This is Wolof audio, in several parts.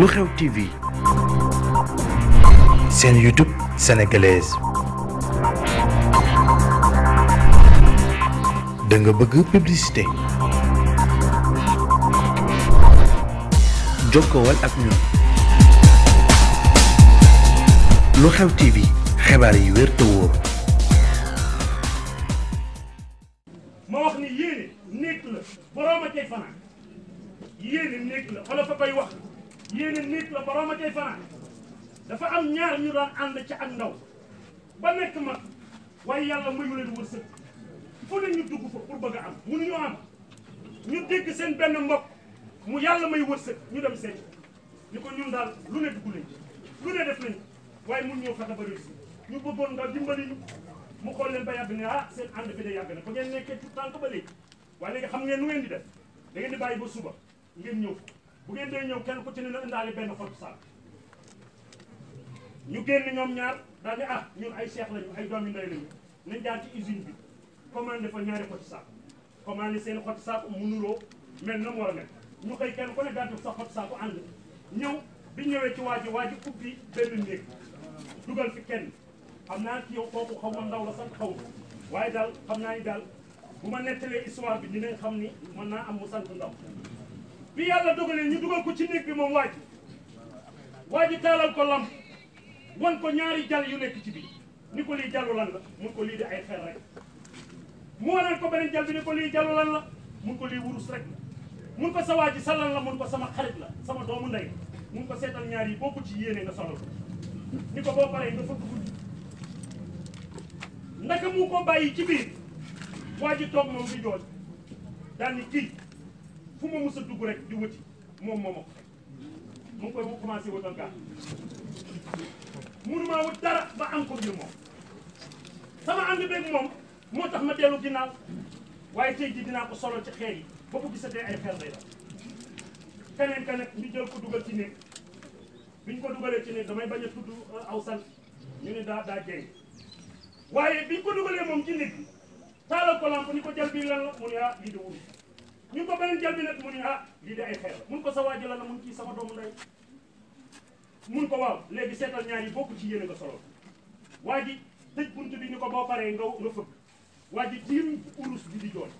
lu xew TV seen YouTube sénégalaise da nga bëgg publicité jokkowal ak ñun lu TV xibaar yi wér te wóor. ma wax ni yéene nekk la borom a tey fanaan wax. yéene nit la borom a cay fanaan dafa am ñaar ñu daan ànd ci ak ndaw ba nekk mag waaye yàlla mayu leen wërsëg fu ne ñu dugg fa pour bëgg a am mënuñu am ñu dégg seen benn mbokk mu yàlla may wërsëg ñu dem seen ñu ko ñun daal lu ne dugg nañ lu ne def nañ waaye mun ñëw fexe ba réussir ñu bëggoon nga dimbali ñu mu xool leen ba yàgg ne ah seen ànd bi de yàgg na ba nekkee tout tànk ba léegi waaye léegi xam ngeen nu ngeen di def da ngeen di bàyyi ba suba ngeen ñëw bu ngeen dee ñëw kenn ku ci ne la indaale benn xottu saak ñu génn ñoom ñaar daal ne ah ñun ay seex lañu ay doomi ndey lañu nañ jaar ci usine bi commandé fa ñaari xottu saak commandé seen xottu saak mu nuroo mel na mu war a mel ñu xëy kenn ku ne daal sa xottu saak ànd ñëw bi ñëwee ci waa ji waa ji ubbi benn néeg dugal fi kenn xam naa ci yow kooku xaw ndaw la sax xaw waaye daal xam naa ni daal bu ma nettalee histoire bi dinañ xam ni mën naa am sant ndaw bi yàlla dogalee ñu dugal ko ci néeg bi moom waa ji waa ji taalal ko lamp wan ko ñaari jal yu nekk ci ni ko lii jàllu lan la mun ko li di ay xel rek mu wanaan ko beneen jal bi ko lii jàllu lan la mun ko lii wurus rek mun ko sa waa ji sa lan la mun ko sama xarit la sama doomu ndey mun ko seetal ñaar yi boo ko ci yéene nga solal ko ni ko boo paree nga fëgg guddi naka mu ko bàyyi ci biir waa ji toog moom di jooy daal ni fu ma mës a dugg rek di wuti moom moo ma ko mu ngi koy mu commencé wutal gaal mënumaa wut dara ba am ko biir moom sama ànd beeg moom moo tax ma dellu ginnaaw waaye tey ji dinaa ko solo ci xeer yi ba bu gisatee ay xeer lay doon keneen ka ñu jël ko dugal ci néeg bi ñu ko dugalee ci néeg damay bañ a tudd euh, aw sant ñu ne daa daa jeey waaye bi ñu ko dugalee moom ci néeg bi taalal ko lamp ni ko jël bii la mu ne ah lii de ñu ko beneen jël bi nag mu ne ah lii de ay xeer mun ko sa waa jëla la mun ci sama doomu ndey mun ko waaw léegi seetal ñaar yi bokk ci yéene a nga solo waa ji tëj bunt bi ñu ko boo paree nga nga fëgg waa ji tiim urus bi di jooy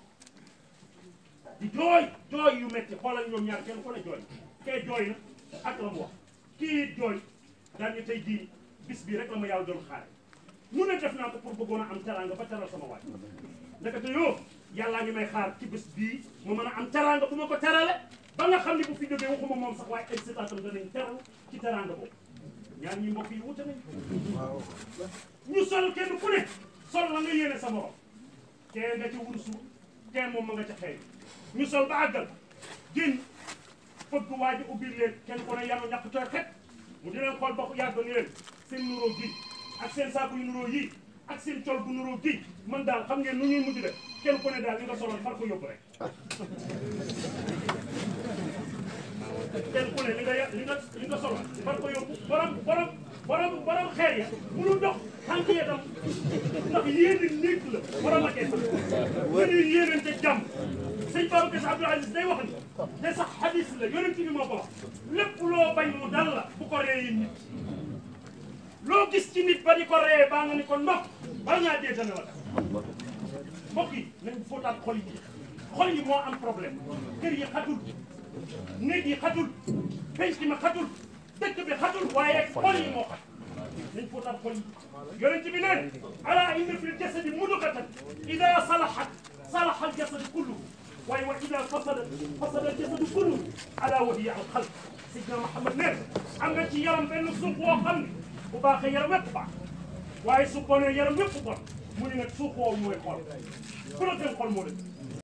di jooy jooy yu metti xoolal ñoom ñaar kenn ku ne jooy kee jooy na ak la mu wax kii jooy daan ñu tey jii bis bi rek la ma yàlla doon xaare mun a def naa ko pour bëggoon a am teraanga ba teral sama waaj ndekete yoo yàllaa ñu may xaar ci bés bii mu mën a am teraanga ku ma ko terale ba nga xam ni bu fi jógee waxuma moom sax waaye excitation danañ teral ci teraanga boobu ñaar ñi mbokk yi wute nañ ñu sol kenn ku ne sol la nga yéene sa morom tee nga ca wursu tee moom ma nga ca xëy ñu sol ba àggal génn fëgg waa ubbi leen kenn ku ne yàlla ñàkk tooy xet mu di leen xool ba yàgg ni leen seen nuróo gi ak seen saaku yu nuróo yii ak seen col bu nuroo gi man daal xam ngeen nu ñuy mujj rek kenn ku ne daal li nga soloon far ko yóbbu rek kenn ku ne li nga ya li nga li nga soloon far ko yóbbu borom borom borom borom munu dox tànk ya tam ndax yéene néeg la borom ak sax dañuy yéenante jàmm sëñ Babacar Sy Abdoul Aziz day wax ni te sax xadis la yonent bi moo ko wax lépp loo bañ mu dal bu ko ree yi nit loo gis ci nit ba di ko ree baa nga ni ko ndox bala ngaa dee dana yi xol yi xol yi moo am problème kër yi xatul néeg yi xatul penc ma xatul dëkk bi xatul waaye xol yi moo xat nañ fóotaat xol yi yonent bi neen ala inna fil jasadi mudghatan ida salahat salaha al jasadu kulluhu waaye wa ida fasadat al jasadu kulluhu ala wa hiya al qalb sidna Muhammad neen am ci yaram benn suuf woo bu baaxee yaram yëpp baax waaye su bonee yaram yëpp bon mu ne nag su xool mooy xool ku la gën xool moo dëgg